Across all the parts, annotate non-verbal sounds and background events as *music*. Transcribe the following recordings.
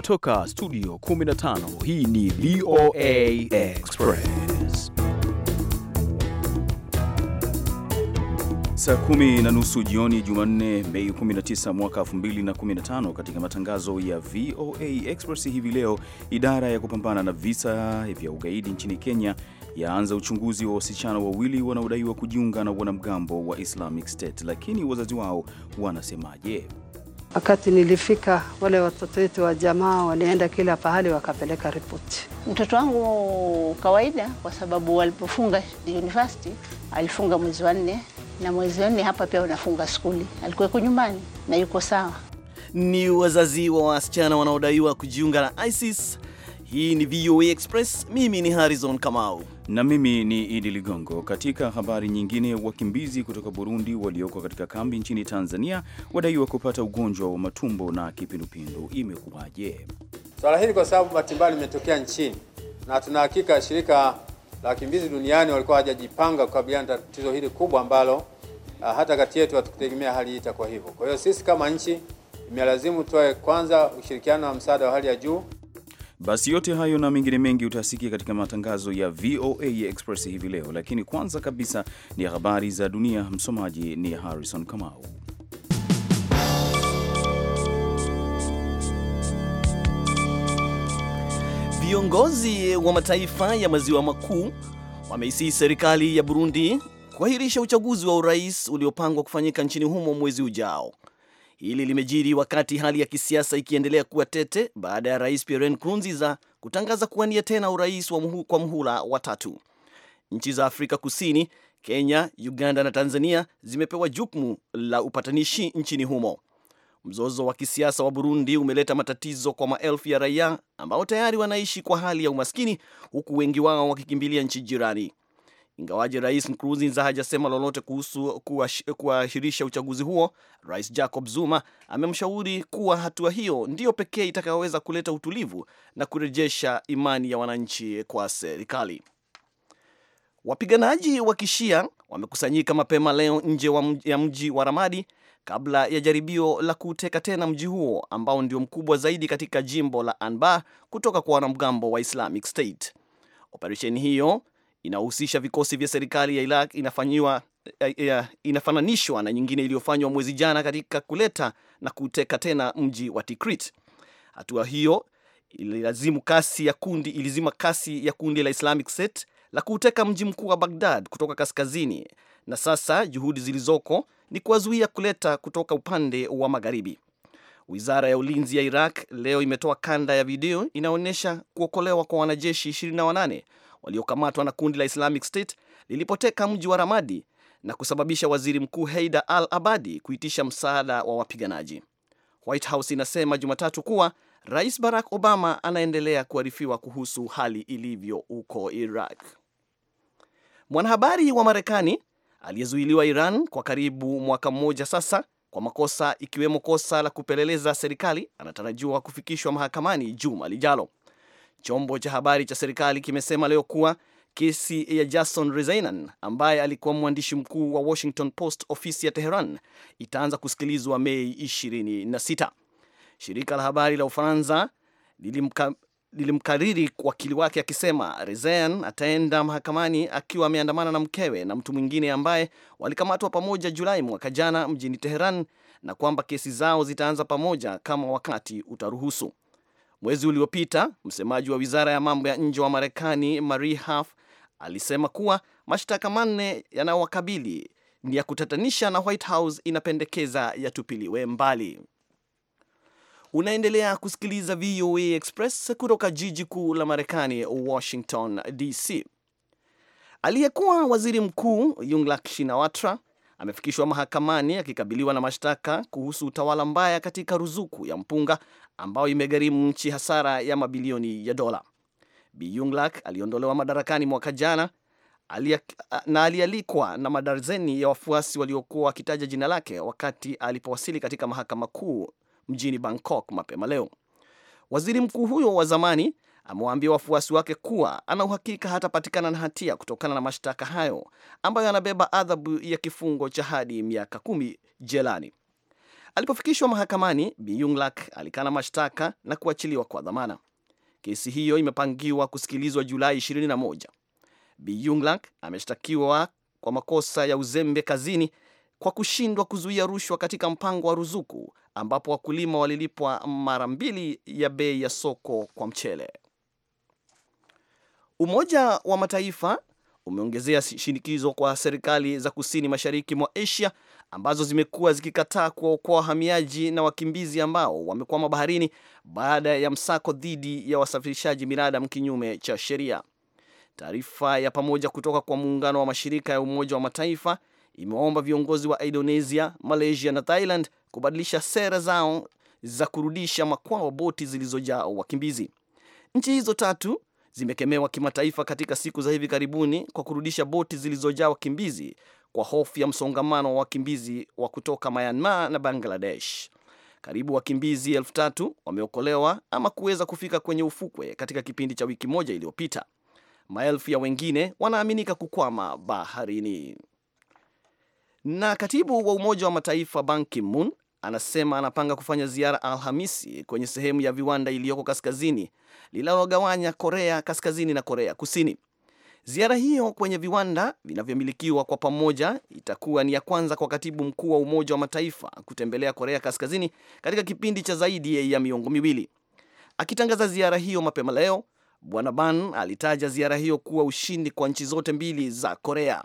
kutoka studio 15 hii ni VOA Express saa kumi na nusu jioni Jumanne, Mei 19 mwaka 2015. Katika matangazo ya VOA Express hivi leo, idara ya kupambana na visa vya ugaidi nchini Kenya yaanza uchunguzi wa wasichana wawili wanaodaiwa kujiunga na wanamgambo wa Islamic State, lakini wazazi wao wanasemaje? Wakati nilifika wale watoto wetu wa jamaa walienda kila pahali wakapeleka ripoti. Mtoto wangu kawaida, kwa sababu walipofunga university alifunga mwezi wa nne, na mwezi wa nne hapa pia unafunga skuli, alikuweko nyumbani na yuko sawa. Ni wazazi wa wasichana wanaodaiwa kujiunga na ISIS. Hii ni VOA Express, mimi ni Harrison Kamau na mimi ni Idi Ligongo. Katika habari nyingine, wakimbizi kutoka Burundi walioko katika kambi nchini Tanzania wadaiwa kupata ugonjwa wa matumbo na kipindupindu. Imekuwaje swala hili? Kwa sababu batimbali imetokea limetokea nchini na tunahakika shirika la wakimbizi duniani walikuwa hawajajipanga kukabiliana na tatizo hili kubwa ambalo ah, hata kati yetu hatukutegemea hali hii itakuwa hivyo. Kwa hiyo sisi kama nchi imelazimu tuwe kwanza ushirikiano wa msaada wa hali ya juu. Basi yote hayo na mengine mengi utasikia katika matangazo ya VOA Express hivi leo, lakini kwanza kabisa ni habari za dunia. Msomaji ni Harrison Kamau. Viongozi wa mataifa ya maziwa makuu wameisihi serikali ya Burundi kuahirisha uchaguzi wa urais uliopangwa kufanyika nchini humo mwezi ujao. Hili limejiri wakati hali ya kisiasa ikiendelea kuwa tete baada ya rais Pierre Nkurunziza kutangaza kuwania tena urais wa mhu, kwa mhula wa tatu. Nchi za Afrika Kusini, Kenya, Uganda na Tanzania zimepewa jukumu la upatanishi nchini humo. Mzozo wa kisiasa wa Burundi umeleta matatizo kwa maelfu ya raia ambao tayari wanaishi kwa hali ya umaskini, huku wengi wao wakikimbilia nchi jirani. Ingawaje Rais Nkurunziza hajasema lolote kuhusu kuahirisha uchaguzi huo, Rais Jacob Zuma amemshauri kuwa hatua hiyo ndiyo pekee itakayoweza kuleta utulivu na kurejesha imani ya wananchi kwa serikali. Wapiganaji wa Kishia wamekusanyika mapema leo nje ya mji wa Ramadi kabla ya jaribio la kuteka tena mji huo ambao ndio mkubwa zaidi katika jimbo la Anbar kutoka kwa wanamgambo wa Islamic State. Operesheni hiyo inahusisha vikosi vya serikali ya Iraq inafanyiwa inafananishwa na nyingine iliyofanywa mwezi jana katika kuleta na kuteka tena mji wa Tikrit. Hatua hiyo ililazimu kasi ya kundi ilizima kasi ya kundi la Islamic State la kuteka mji mkuu wa Baghdad kutoka kaskazini, na sasa juhudi zilizoko ni kuwazuia kuleta kutoka upande wa magharibi. Wizara ya ulinzi ya Iraq leo imetoa kanda ya video inaonyesha kuokolewa kwa wanajeshi 28 waliokamatwa na kundi la Islamic State lilipoteka mji wa Ramadi na kusababisha waziri mkuu heida al-Abadi kuitisha msaada wa wapiganaji. White House inasema Jumatatu kuwa Rais Barack Obama anaendelea kuarifiwa kuhusu hali ilivyo huko Iraq. Mwanahabari wa Marekani aliyezuiliwa Iran kwa karibu mwaka mmoja sasa kwa makosa ikiwemo kosa la kupeleleza serikali anatarajiwa kufikishwa mahakamani juma lijalo. Chombo cha habari cha serikali kimesema leo kuwa kesi ya Jason Rezaian ambaye alikuwa mwandishi mkuu wa Washington Post ofisi ya Teheran itaanza kusikilizwa Mei 26. Shirika la habari la Ufaransa lilimka lilimkariri wakili wake akisema Rezaian ataenda mahakamani akiwa ameandamana na mkewe na mtu mwingine ambaye walikamatwa pamoja Julai mwaka jana mjini Teheran na kwamba kesi zao zitaanza pamoja kama wakati utaruhusu. Mwezi uliopita msemaji wa wizara ya mambo ya nje wa Marekani Marie Harf alisema kuwa mashtaka manne yanayowakabili ni ya kutatanisha na White House inapendekeza yatupiliwe mbali. Unaendelea kusikiliza VOA Express kutoka jiji kuu la Marekani, Washington DC. Aliyekuwa waziri mkuu Yingluck Shinawatra amefikishwa mahakamani akikabiliwa na mashtaka kuhusu utawala mbaya katika ruzuku ya mpunga ambayo imegharimu nchi hasara ya mabilioni ya dola. Bi Yunglak aliondolewa madarakani mwaka jana na alialikwa na madarzeni ya wafuasi waliokuwa wakitaja jina lake wakati alipowasili katika mahakama kuu mjini Bangkok mapema leo. Waziri mkuu huyo wa zamani amewaambia wafuasi wake kuwa ana uhakika hatapatikana na hatia kutokana na mashtaka hayo ambayo anabeba adhabu ya kifungo cha hadi miaka kumi jelani. Alipofikishwa mahakamani, Bi Yunglak alikana mashtaka na kuachiliwa kwa dhamana. Kesi hiyo imepangiwa kusikilizwa Julai 21. Bi ameshtakiwa kwa makosa ya uzembe kazini kwa kushindwa kuzuia rushwa katika mpango wa ruzuku ambapo wakulima walilipwa mara mbili ya bei ya soko kwa mchele. Umoja wa Mataifa umeongezea shinikizo kwa serikali za kusini mashariki mwa Asia ambazo zimekuwa zikikataa kuwaokoa wahamiaji na wakimbizi ambao wamekwama baharini baada ya msako dhidi ya wasafirishaji binadamu kinyume cha sheria. Taarifa ya pamoja kutoka kwa muungano wa mashirika ya Umoja wa Mataifa imewaomba viongozi wa Indonesia, Malaysia na Thailand kubadilisha sera zao za kurudisha makwao boti zilizojaa wakimbizi. Nchi hizo tatu zimekemewa kimataifa katika siku za hivi karibuni kwa kurudisha boti zilizojaa wakimbizi kwa hofu ya msongamano wa wakimbizi wa kutoka Myanmar na Bangladesh. Karibu wakimbizi elfu tatu wameokolewa ama kuweza kufika kwenye ufukwe katika kipindi cha wiki moja iliyopita. Maelfu ya wengine wanaaminika kukwama baharini. Na katibu wa Umoja wa Mataifa Ban Ki-moon anasema anapanga kufanya ziara Alhamisi kwenye sehemu ya viwanda iliyoko kaskazini linalogawanya Korea Kaskazini na Korea Kusini. Ziara hiyo kwenye viwanda vinavyomilikiwa kwa pamoja itakuwa ni ya kwanza kwa katibu mkuu wa Umoja wa Mataifa kutembelea Korea Kaskazini katika kipindi cha zaidi ya miongo miwili. Akitangaza ziara hiyo mapema leo, Bwana Ban alitaja ziara hiyo kuwa ushindi kwa nchi zote mbili za Korea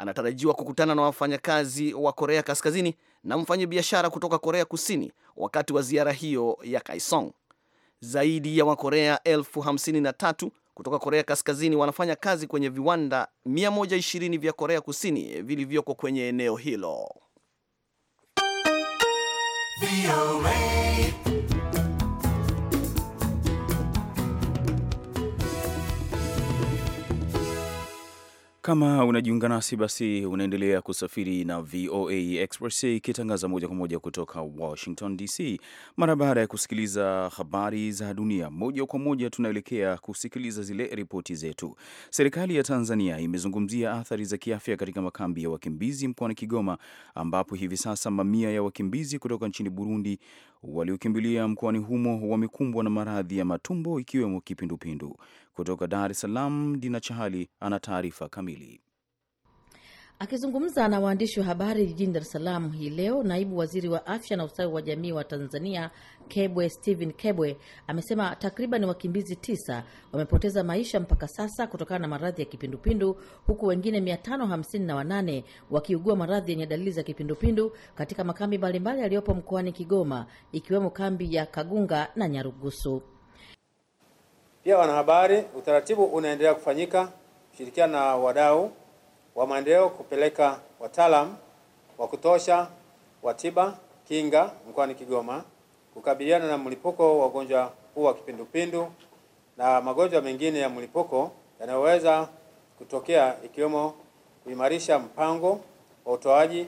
anatarajiwa kukutana na wafanyakazi wa Korea Kaskazini na mfanyabiashara kutoka Korea Kusini wakati wa ziara hiyo ya Kaesong. Zaidi ya Wakorea elfu hamsini na tatu kutoka Korea Kaskazini wanafanya kazi kwenye viwanda 120 vya Korea Kusini vilivyoko kwenye eneo hilo. Kama unajiunga nasi basi, unaendelea kusafiri na VOA Express ikitangaza moja kwa moja kutoka Washington DC. Mara baada ya kusikiliza habari za dunia moja kwa moja, tunaelekea kusikiliza zile ripoti zetu. Serikali ya Tanzania imezungumzia athari za kiafya katika makambi ya wakimbizi mkoani Kigoma, ambapo hivi sasa mamia ya wakimbizi kutoka nchini Burundi waliokimbilia mkoani humo wamekumbwa na maradhi ya matumbo ikiwemo kipindupindu. Kutoka Dar es Salaam, Dina Chahali ana taarifa kamili. Akizungumza na waandishi wa habari jijini Dar es Salaam hii leo, naibu waziri wa afya na ustawi wa jamii wa Tanzania Kebwe stehen Kebwe amesema takriban wakimbizi tisa wamepoteza maisha mpaka sasa kutokana na maradhi ya kipindupindu, huku wengine 558 wakiugua maradhi yenye dalili za kipindupindu katika makambi mbalimbali yaliyopo mkoani Kigoma, ikiwemo kambi ya Kagunga na Nyarugusu. Pia wanahabari, utaratibu unaendelea kufanyika kushirikiana na wadau wa maendeleo kupeleka wataalam wa kutosha wa tiba kinga mkoani Kigoma kukabiliana na mlipuko wa ugonjwa huu wa kipindupindu na magonjwa mengine ya mlipuko yanayoweza kutokea ikiwemo kuimarisha mpango wa utoaji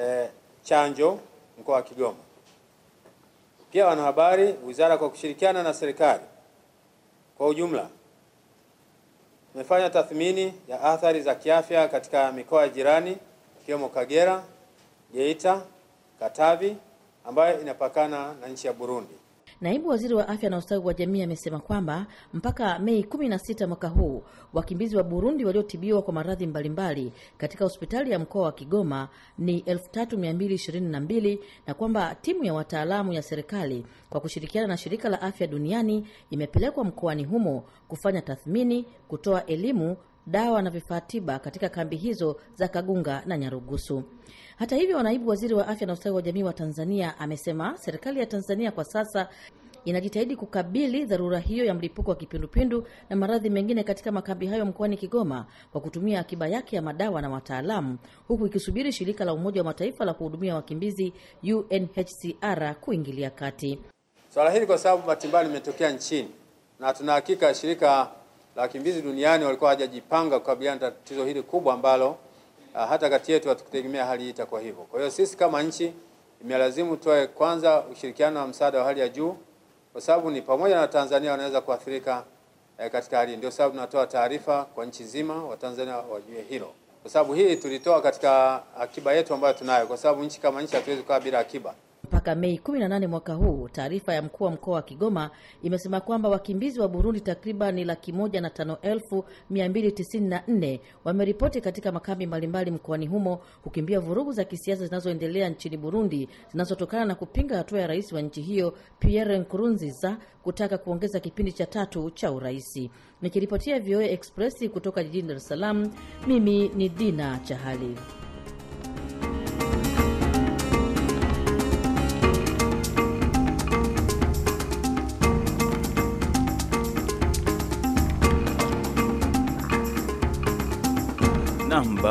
e, chanjo mkoa wa Kigoma. Pia wanahabari, wizara kwa kushirikiana na serikali kwa ujumla Tumefanya tathmini ya athari za kiafya katika mikoa ya jirani ikiwemo Kagera, Geita, Katavi ambayo inapakana na nchi ya Burundi. Naibu waziri wa afya na ustawi wa jamii amesema kwamba mpaka Mei 16 mwaka huu wakimbizi wa Burundi waliotibiwa kwa maradhi mbalimbali katika hospitali ya mkoa wa Kigoma ni 3222 na kwamba timu ya wataalamu ya serikali kwa kushirikiana na shirika la afya duniani imepelekwa mkoani humo kufanya tathmini, kutoa elimu, dawa na vifaa tiba katika kambi hizo za Kagunga na Nyarugusu. Hata hivyo, naibu waziri wa afya na ustawi wa jamii wa Tanzania amesema serikali ya Tanzania kwa sasa inajitahidi kukabili dharura hiyo ya mlipuko wa kipindupindu na maradhi mengine katika makambi hayo mkoani Kigoma kwa kutumia akiba yake ya madawa na wataalamu, huku ikisubiri shirika la Umoja wa Mataifa la kuhudumia wakimbizi UNHCR kuingilia kati swala so, hili kwa sababu bahati mbaya limetokea nchini na tuna hakika shirika la wakimbizi duniani walikuwa hawajajipanga kukabiliana na tatizo hili kubwa ambalo Ah, hata kati yetu hatukutegemea hali hii itakuwa hivyo. Kwa hiyo sisi kama nchi imelazimu tuwe kwanza ushirikiano wa msaada wa hali ya juu, kwa sababu ni pamoja na Tanzania wanaweza kuathirika eh, katika hali. Ndio sababu tunatoa taarifa kwa nchi nzima, Watanzania wajue hilo, kwa sababu hii tulitoa katika akiba yetu ambayo tunayo, kwa sababu nchi kama nchi hatuwezi kukaa bila akiba. Mpaka Mei 18 mwaka huu, taarifa ya mkuu wa mkoa wa Kigoma imesema kwamba wakimbizi wa Burundi takriban laki moja na tano elfu mia mbili tisini na nne wameripoti katika makambi mbalimbali mkoani humo kukimbia vurugu za kisiasa zinazoendelea nchini Burundi zinazotokana na kupinga hatua ya rais wa nchi hiyo Pierre Nkurunziza kutaka kuongeza kipindi cha tatu cha uraisi. Nikiripotia VOA Express kutoka jijini Dar es Salaam, mimi ni Dina Chahali.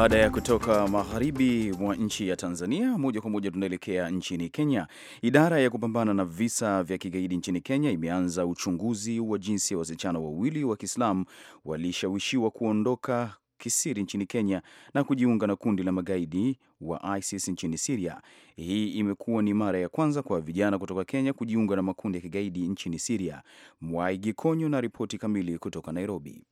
Baada ya kutoka magharibi mwa nchi ya Tanzania, moja kwa moja tunaelekea nchini Kenya. Idara ya kupambana na visa vya kigaidi nchini Kenya imeanza uchunguzi wa jinsi ya wasichana wawili wa Kiislamu walishawishiwa kuondoka kisiri nchini Kenya na kujiunga na kundi la magaidi wa ISIS nchini Siria. Hii imekuwa ni mara ya kwanza kwa vijana kutoka Kenya kujiunga na makundi ya kigaidi nchini Siria. mwaigi konyo na ripoti kamili kutoka Nairobi.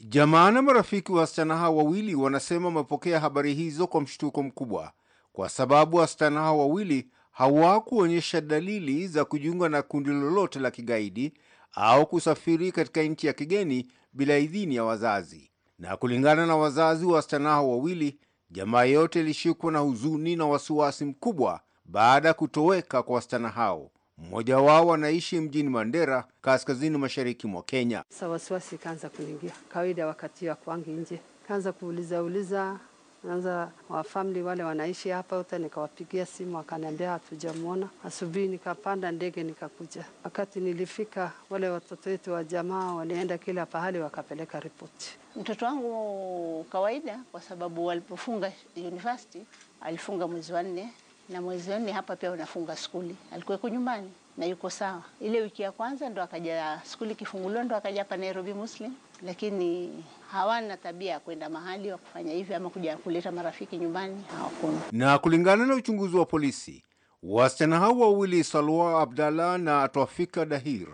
Jamaa na marafiki wa wasichana hao wawili wanasema wamepokea habari hizo kwa mshtuko mkubwa, kwa sababu wasichana hao wawili hawakuonyesha dalili za kujiunga na kundi lolote la kigaidi au kusafiri katika nchi ya kigeni bila idhini ya wazazi. Na kulingana na wazazi wa wasichana hao wawili, jamaa yote ilishikwa na huzuni na wasiwasi mkubwa baada ya kutoweka kwa wasichana hao. Mmoja wao anaishi mjini Mandera, kaskazini mashariki mwa Kenya. Sasa wasiwasi ikaanza kuningia kawaida, wakati wa kwangi nje kaanza kuuliza uliza anza wa family wale wanaishi hapa uta, nikawapigia simu wakaniambia hatujamwona. Asubuhi nikapanda ndege nikakuja. Wakati nilifika, wale watoto wetu wa jamaa walienda kila pahali wakapeleka ripoti. Mtoto wangu kawaida, kwa sababu walipofunga university alifunga mwezi wa nne na mwezi wa nne hapa pia unafunga skuli. Alikuwa yuko nyumbani na yuko sawa. Ile wiki ya kwanza ndo akaja skuli kifunguliwa, ndo akaja hapa Nairobi Muslim, lakini hawana tabia ya kwenda mahali wa kufanya hivyo ama kuja kuleta marafiki nyumbani, hawakuna. Na kulingana na uchunguzi wa polisi, wasichana hao wawili Salwa Abdalla na Twafika Dahir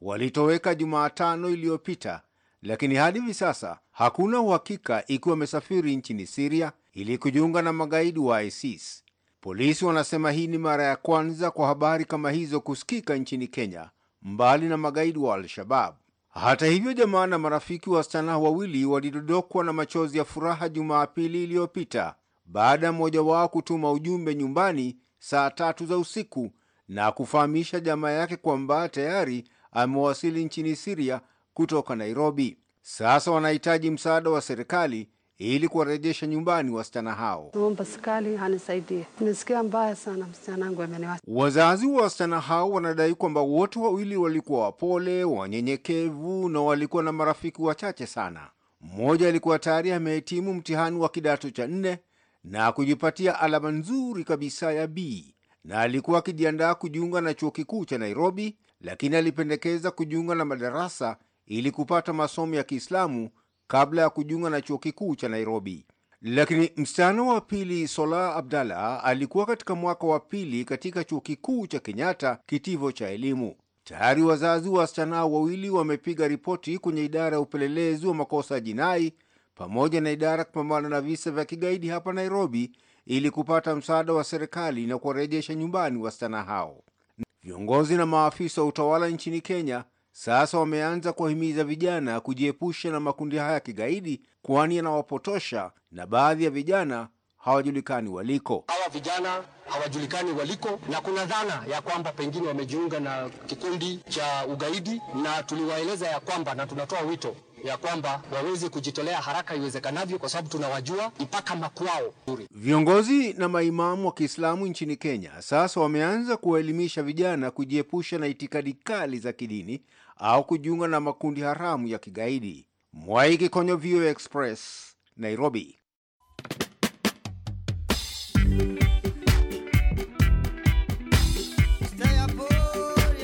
walitoweka Jumatano iliyopita, lakini hadi hivi sasa hakuna uhakika ikiwa wamesafiri nchini Siria ili kujiunga na magaidi wa ISIS. Polisi wanasema hii ni mara ya kwanza kwa habari kama hizo kusikika nchini Kenya, mbali na magaidi wa Al-Shabab. Hata hivyo, jamaa na marafiki wa wasichana wawili walidodokwa na machozi ya furaha Jumapili iliyopita baada ya mmoja wao kutuma ujumbe nyumbani saa tatu za usiku na kufahamisha jamaa yake kwamba tayari amewasili nchini Siria kutoka Nairobi. Sasa wanahitaji msaada wa serikali ili kuwarejesha nyumbani wasichana hao. Naomba serikali anisaidie, mbaya sana, msichana wangu Wazazi wa wasichana hao wanadai kwamba wote wawili walikuwa wapole, wanyenyekevu na walikuwa na marafiki wachache sana. Mmoja alikuwa tayari amehitimu mtihani wa kidato cha nne na kujipatia alama nzuri kabisa ya B na alikuwa akijiandaa kujiunga na chuo kikuu cha Nairobi, lakini alipendekeza kujiunga na madarasa ili kupata masomo ya Kiislamu kabla ya kujiunga na chuo kikuu cha Nairobi. Lakini msichana wa pili Sola Abdalla alikuwa katika mwaka wa pili katika chuo kikuu cha Kenyatta kitivo cha elimu. Tayari wazazi wa wasichana hao wawili wamepiga ripoti kwenye idara ya upelelezi wa makosa ya jinai pamoja na idara ya kupambana na visa vya kigaidi hapa Nairobi ili kupata msaada wa serikali na kuwarejesha nyumbani wasichana hao. Viongozi na maafisa wa utawala nchini Kenya sasa wameanza kuwahimiza vijana kujiepusha na makundi haya ya kigaidi, kwani yanawapotosha na baadhi ya vijana hawajulikani waliko. Hawa vijana hawajulikani waliko, na kuna dhana ya kwamba pengine wamejiunga na kikundi cha ugaidi, na tuliwaeleza ya kwamba na tunatoa wito ya kwamba waweze kujitolea haraka iwezekanavyo, kwa sababu tunawajua mpaka makwao. Viongozi na maimamu wa Kiislamu nchini Kenya sasa wameanza kuwaelimisha vijana kujiepusha na itikadi kali za kidini au kujiunga na makundi haramu ya kigaidi. Mwaiki Konyo, VOA Express, Nairobi.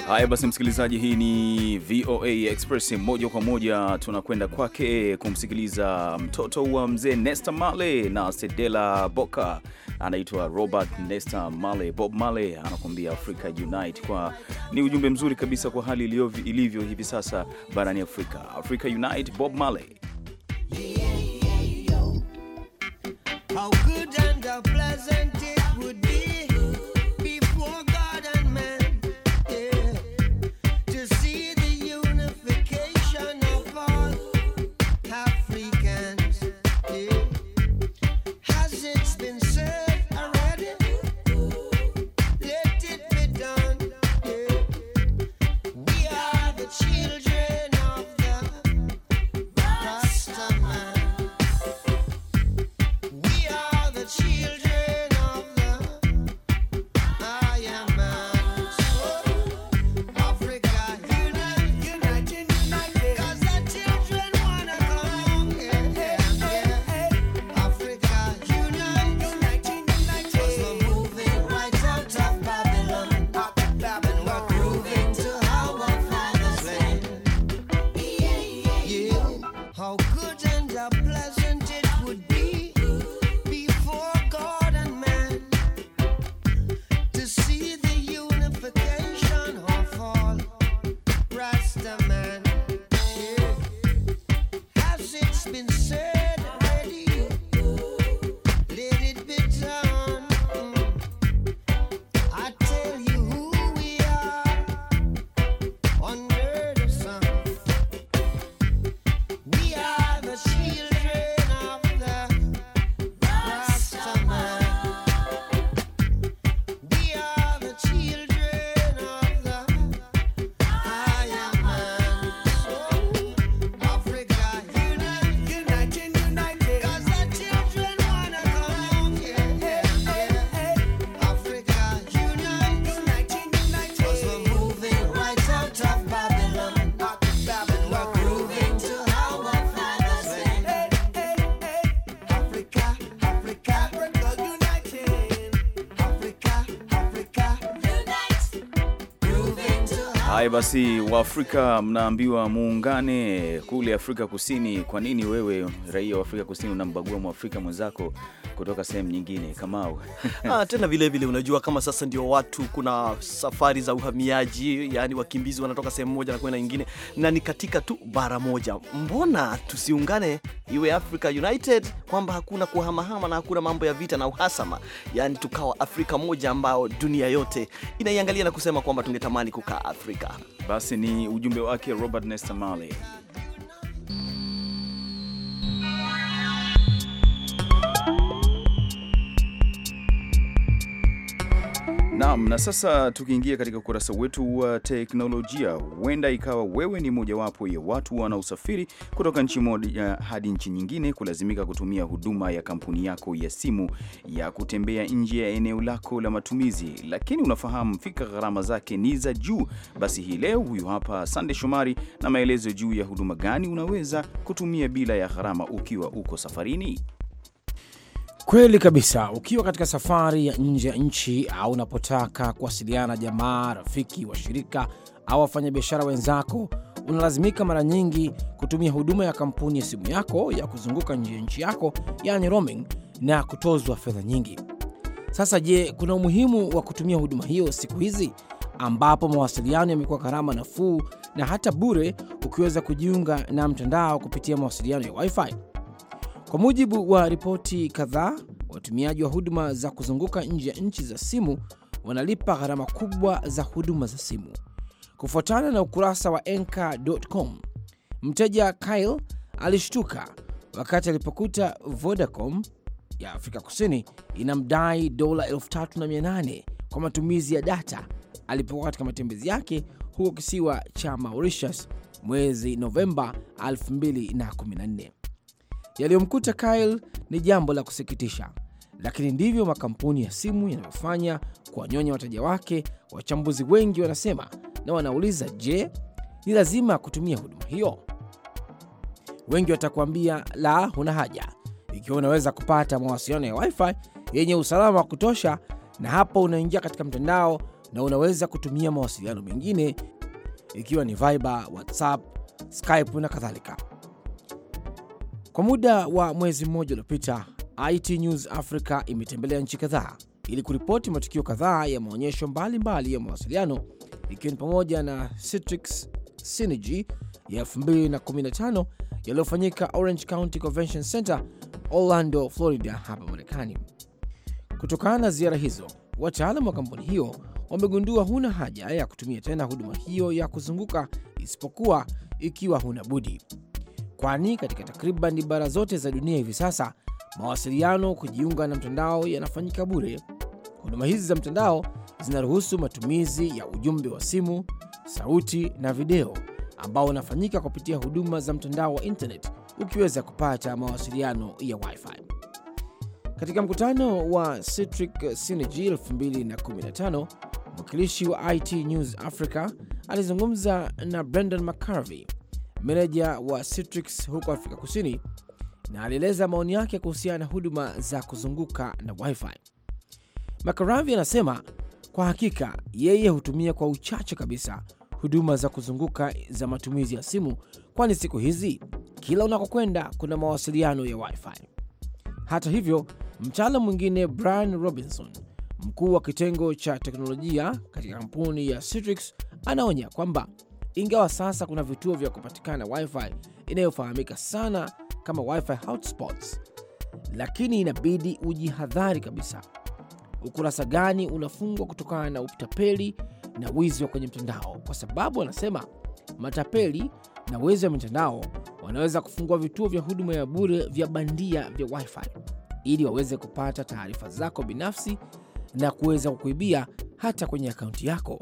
Haya basi, msikilizaji, hii ni VOA Express moja kwa moja, tunakwenda kwake kumsikiliza mtoto wa mzee Nesta Male na sedela Boka, anaitwa Robert Nesta male Bob Male anakuambia Africa Unite. Kwa ni ujumbe mzuri kabisa kwa hali ilivyo hivi sasa barani Afrika. Africa Unite, Bob Male. yeah, yeah, Haya basi, Waafrika mnaambiwa muungane kule Afrika Kusini. Kwa nini wewe raia wa Afrika Kusini unambagua Mwafrika mwenzako kutoka sehemu nyingine Kamau. *laughs* Ah, tena vilevile vile, unajua kama sasa ndio watu, kuna safari za uhamiaji, yani wakimbizi wanatoka sehemu moja na kwenda nyingine, na ni katika tu bara moja. Mbona tusiungane iwe Africa United, kwamba hakuna kuhamahama na hakuna mambo ya vita na uhasama, yani tukawa Afrika moja ambayo dunia yote inaiangalia na kusema kwamba tungetamani kukaa Afrika. Basi ni ujumbe wake Robert Nesta Marley. Naam, na sasa tukiingia katika ukurasa wetu wa teknolojia, huenda ikawa wewe ni mojawapo ya watu wanaosafiri kutoka nchi moja eh, hadi nchi nyingine, kulazimika kutumia huduma ya kampuni yako ya simu ya kutembea nje ya eneo lako la matumizi, lakini unafahamu fika gharama zake ni za juu. Basi hii leo huyu hapa Sande Shomari na maelezo juu ya huduma gani unaweza kutumia bila ya gharama ukiwa uko safarini. Kweli kabisa. Ukiwa katika safari ya nje ya nchi au unapotaka kuwasiliana na jamaa, rafiki, washirika au wafanyabiashara wenzako, unalazimika mara nyingi kutumia huduma ya kampuni ya simu yako ya kuzunguka nje ya nchi yako, yani roaming, na kutozwa fedha nyingi. Sasa je, kuna umuhimu wa kutumia huduma hiyo siku hizi ambapo mawasiliano yamekuwa gharama nafuu na hata bure, ukiweza kujiunga na mtandao kupitia mawasiliano ya wifi? Kwa mujibu wa ripoti kadhaa, watumiaji wa huduma za kuzunguka nje ya nchi za simu wanalipa gharama kubwa za huduma za simu. Kufuatana na ukurasa wa enka.com, mteja Kyle alishtuka wakati alipokuta Vodacom ya Afrika Kusini inamdai dola 3800 kwa matumizi ya data alipokuwa katika matembezi yake huko kisiwa cha Mauritius mwezi Novemba 2014. Yaliyomkuta Kyle ni jambo la kusikitisha, lakini ndivyo makampuni ya simu yanayofanya kuwanyonya wateja wake, wachambuzi wengi wanasema, na wanauliza, je, ni lazima kutumia huduma hiyo? Wengi watakuambia la, huna haja ikiwa unaweza kupata mawasiliano ya wifi yenye usalama wa kutosha, na hapo unaingia katika mtandao na unaweza kutumia mawasiliano mengine ikiwa ni Viber, WhatsApp, Skype na kadhalika. Kwa muda wa mwezi mmoja uliopita, IT News Africa imetembelea nchi kadhaa ili kuripoti matukio kadhaa ya maonyesho mbalimbali ya mawasiliano ikiwa ni pamoja na Citrix Synergy ya 2015 yaliyofanyika Orange County Convention Center, Orlando, Florida, hapa Marekani. Kutokana na ziara hizo, wataalam wa kampuni hiyo wamegundua huna haja ya kutumia tena huduma hiyo ya kuzunguka isipokuwa ikiwa huna budi kwani katika takriban bara zote za dunia hivi sasa mawasiliano, kujiunga na mtandao yanafanyika bure. Huduma hizi za mtandao zinaruhusu matumizi ya ujumbe wa simu, sauti na video ambao unafanyika kupitia huduma za mtandao wa internet, ukiweza kupata mawasiliano ya wifi. Katika mkutano wa Citric Synergy 2015 mwakilishi wa IT News Africa alizungumza na Brendan McCarvey meneja wa Citrix huko Afrika Kusini, na alieleza maoni yake kuhusiana na huduma za kuzunguka na Wi-Fi. Makaravi anasema kwa hakika yeye hutumia kwa uchache kabisa huduma za kuzunguka za matumizi ya simu, kwani siku hizi kila unakokwenda kuna mawasiliano ya Wi-Fi. Hata hivyo, mtaalamu mwingine Brian Robinson, mkuu wa kitengo cha teknolojia katika kampuni ya Citrix, anaonya kwamba ingawa sasa kuna vituo vya kupatikana wifi inayofahamika sana kama wifi hotspots, lakini inabidi ujihadhari kabisa. Ukurasa gani unafungwa kutokana na utapeli na wizi wa kwenye mtandao, kwa sababu anasema matapeli na wezi wa mitandao wanaweza kufungua vituo vya huduma ya bure vya bandia vya wifi ili waweze kupata taarifa zako binafsi na kuweza kukuibia hata kwenye akaunti yako.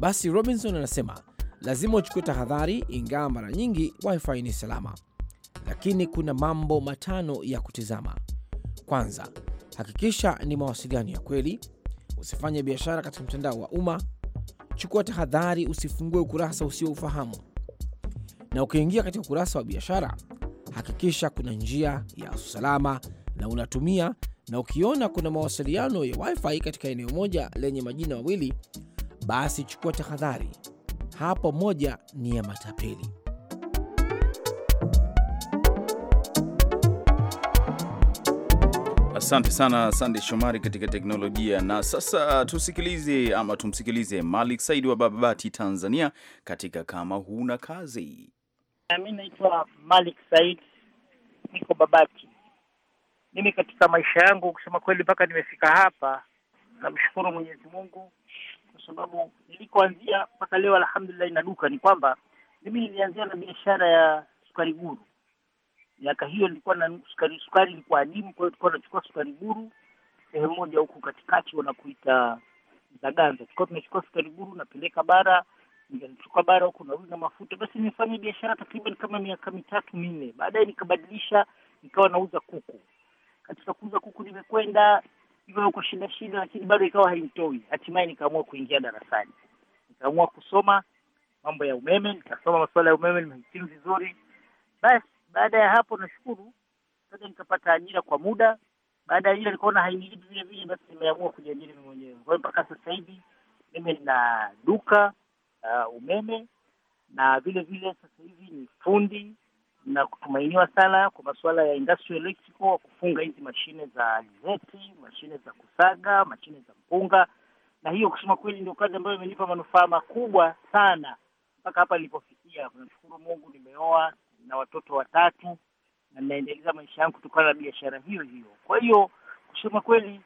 Basi Robinson anasema lazima uchukue tahadhari, ingawa mara nyingi wifi ni salama, lakini kuna mambo matano ya kutizama. Kwanza, hakikisha ni mawasiliano ya kweli. Usifanye biashara katika mtandao wa umma. Chukua tahadhari, usifungue ukurasa usioufahamu, na ukiingia katika ukurasa wa biashara, hakikisha kuna njia ya usalama na unatumia. Na ukiona kuna mawasiliano ya wifi katika eneo moja lenye majina mawili, basi chukua tahadhari hapo moja ni ya matapeli. Asante sana Sande Shomari katika teknolojia. Na sasa tusikilize ama tumsikilize Malik Saidi wa Babati, Tanzania, katika kama huna kazi. Mi naitwa Malik Said, niko Babati. Mimi katika maisha yangu kusema kweli, mpaka nimefika hapa, namshukuru Mwenyezi Mungu sababu nilikoanzia mpaka leo alhamdulillah inaduka, ni kwamba mimi nilianzia na biashara ya sukari guru. Miaka hiyo nilikuwa na sukari, sukari ilikuwa adimu, kwa hiyo tulikuwa tunachukua sukari guru sehemu moja huku katikati wanakuita zaganza tulikuwa tunachukua sukari guru napeleka bara, nikachukua bara huku nauza mafuta. Basi nimefanya biashara takriban kama miaka mitatu minne, baadaye nikabadilisha, nikawa nauza kuku. Katika kuuza kuku nimekwenda kwa kushinda shinda, lakini bado ikawa haimtoi Hatimaye nikaamua kuingia darasani, nikaamua kusoma mambo ya umeme, nikasoma masuala ya umeme, nimehitimu vizuri. Basi baada ya hapo, nashukuru sasa, nikapata ajira kwa muda. Baada ya ajira nikaona hainilipi vile vile, basi nimeamua kujiajiri mimi mwenyewe. Kwa hiyo mpaka sasa hivi mimi nina duka uh, umeme na vile vile sasa hivi ni fundi na kutumainiwa sana kwa masuala ya industrial electrical, kufunga hizi mashine za alizeti, mashine za kusaga, mashine za mpunga, na hiyo kusema kweli ndio kazi ambayo imenipa manufaa makubwa sana mpaka hapa nilipofikia. Nashukuru Mungu, nimeoa na watoto watatu na ninaendeleza maisha yangu kutokana na biashara hiyo hiyo. Kwa hiyo kusema kweli,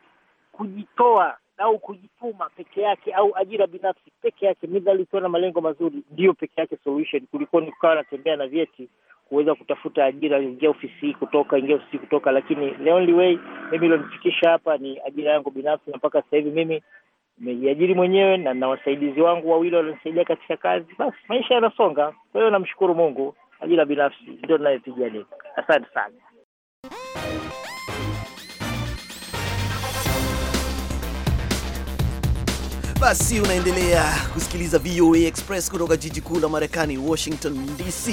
kujitoa au kujituma peke yake au ajira binafsi peke yake, midhali ikiwa na malengo mazuri, ndiyo peke yake solution kuliko ni kukawa natembea na vyeti kuweza kutafuta ajira, ingia ofisi hii kutoka, ingia ofisi kutoka, lakini the only way mimi ilionifikisha hapa ni ajira yangu binafsi, na mpaka sasa hivi mimi nimejiajiri mwenyewe na na wasaidizi wangu wawili walionisaidia katika kazi, basi maisha yanasonga. Kwa hiyo namshukuru Mungu, ajira binafsi ndio ninayopigania. Asante sana. Basi unaendelea kusikiliza VOA Express kutoka jiji kuu la Marekani, Washington DC.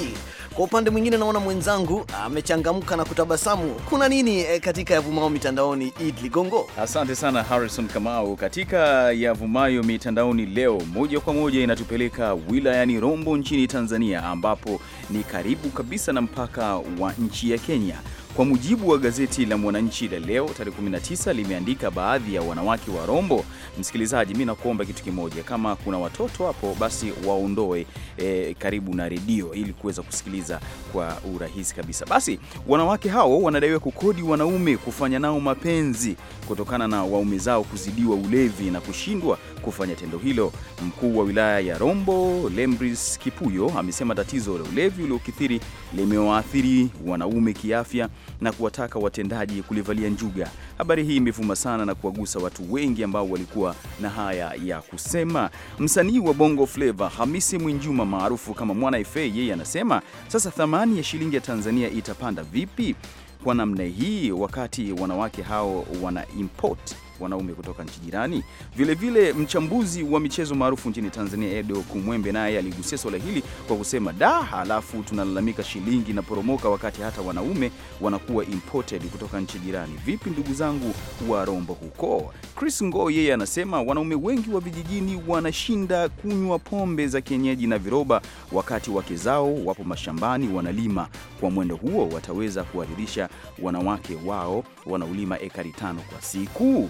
Kwa upande mwingine, naona mwenzangu amechangamka na kutabasamu. Kuna nini eh, katika yavumao mitandaoni, Id Ligongo? Asante sana Harrison Kamau. Katika yavumayo mitandaoni leo, moja kwa moja inatupeleka wilayani Rombo nchini Tanzania, ambapo ni karibu kabisa na mpaka wa nchi ya Kenya. Kwa mujibu wa gazeti la Mwananchi la leo tarehe 19 limeandika baadhi ya wanawake wa Rombo. Msikilizaji, mi nakuomba kitu kimoja, kama kuna watoto hapo, basi waondoe e, karibu na redio ili kuweza kusikiliza kwa urahisi kabisa. Basi wanawake hao wanadaiwa kukodi wanaume kufanya nao mapenzi kutokana na waume zao kuzidiwa ulevi na kushindwa kufanya tendo hilo. Mkuu wa wilaya ya Rombo, Lembris Kipuyo, amesema tatizo la ulevi uliokithiri limewaathiri wanaume kiafya na kuwataka watendaji kulivalia njuga. Habari hii imevuma sana na kuwagusa watu wengi ambao walikuwa na haya ya kusema. Msanii wa Bongo Flava Hamisi Mwinjuma maarufu kama Mwana FA, yeye anasema sasa thamani ya shilingi ya Tanzania itapanda vipi kwa namna hii wakati wanawake hao wana import wanaume kutoka nchi jirani. Vilevile mchambuzi wa michezo maarufu nchini Tanzania Edo Kumwembe naye aligusia swala hili kwa kusema da, halafu tunalalamika shilingi na poromoka wakati hata wanaume wanakuwa imported kutoka nchi jirani. Vipi ndugu zangu wa Rombo huko? Chris Ngo yeye anasema wanaume wengi wa vijijini wanashinda kunywa pombe za kienyeji na viroba, wakati wake zao wapo mashambani wanalima. Kwa mwendo huo wataweza kuwaridhisha wanawake wao wanaulima ekari tano kwa siku.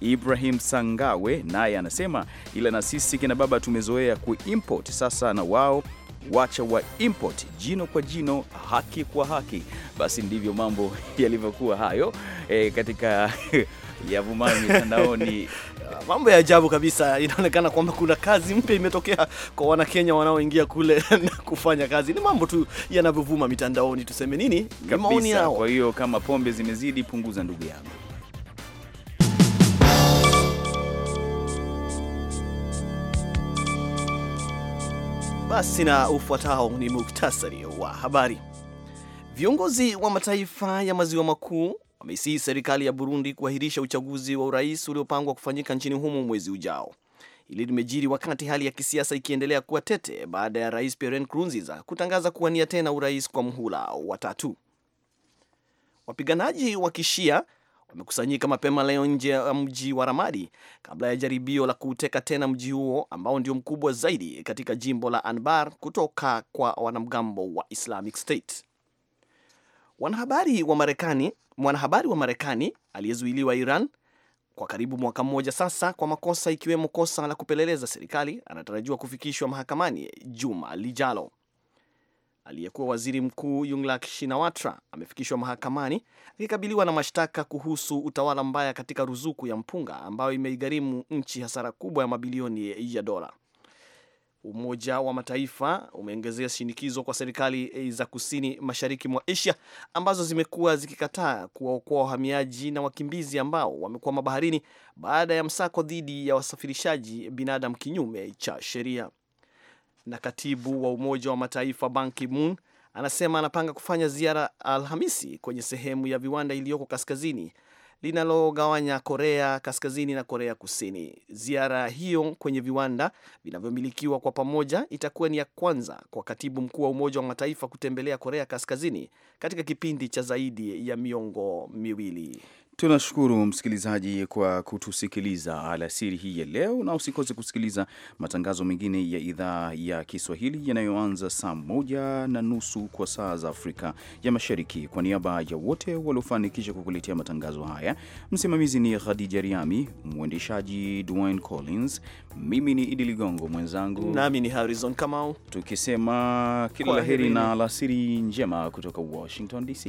Ibrahim Sangawe naye anasema ila na sisi kina baba tumezoea kuimport, sasa na wao wacha wa import jino kwa jino, haki kwa haki. Basi ndivyo mambo *laughs* yalivyokuwa hayo e, katika *laughs* yavumayo mitandaoni. *laughs* Mambo ya ajabu kabisa. Inaonekana kwamba kuna kazi mpya imetokea kwa Wanakenya wanaoingia kule na kufanya kazi. Ni mambo tu yanavyovuma mitandaoni, tuseme nini? Ni maoni yao. Kwa hiyo kama pombe zimezidi, punguza ndugu yangu. Basi na ufuatao ni muktasari wa habari. Viongozi wa mataifa ya maziwa makuu wameisihi serikali ya Burundi kuahirisha uchaguzi wa urais uliopangwa kufanyika nchini humo mwezi ujao. Hili limejiri wakati hali ya kisiasa ikiendelea kuwa tete baada ya rais Pierre Nkurunziza kutangaza kuwania tena urais kwa mhula wa tatu. Wapiganaji wa kishia wamekusanyika mapema leo nje ya mji wa Ramadi kabla ya jaribio la kuuteka tena mji huo ambao ndio mkubwa zaidi katika jimbo la Anbar kutoka kwa wanamgambo wa Islamic State. Wanahabari wa Marekani, mwanahabari wa Marekani aliyezuiliwa Iran kwa karibu mwaka mmoja sasa kwa makosa ikiwemo kosa la kupeleleza serikali anatarajiwa kufikishwa mahakamani juma lijalo. Aliyekuwa waziri mkuu Yingluck Shinawatra amefikishwa mahakamani akikabiliwa na mashtaka kuhusu utawala mbaya katika ruzuku ya mpunga ambayo imeigharimu nchi hasara kubwa ya mabilioni ya dola. Umoja wa Mataifa umeongezea shinikizo kwa serikali za kusini mashariki mwa Asia ambazo zimekuwa zikikataa kuwaokoa wahamiaji na wakimbizi ambao wamekwama baharini baada ya msako dhidi ya wasafirishaji binadamu kinyume cha sheria na katibu wa Umoja wa Mataifa Ban Ki-moon anasema anapanga kufanya ziara Alhamisi kwenye sehemu ya viwanda iliyoko kaskazini linalogawanya Korea Kaskazini na Korea Kusini. Ziara hiyo kwenye viwanda vinavyomilikiwa kwa pamoja itakuwa ni ya kwanza kwa katibu mkuu wa Umoja wa Mataifa kutembelea Korea Kaskazini katika kipindi cha zaidi ya miongo miwili. Tunashukuru msikilizaji kwa kutusikiliza alasiri hii ya leo, na usikose kusikiliza matangazo mengine ya idhaa ya Kiswahili yanayoanza saa moja na nusu kwa saa za Afrika ya Mashariki. Kwa niaba ya wote waliofanikisha kukuletea matangazo haya, msimamizi ni Khadija Riami, mwendeshaji Dwayne Collins, mimi ni Idi Ligongo mwenzangu, nami ni Harrison Kamau, tukisema kila la heri na alasiri njema kutoka Washington DC.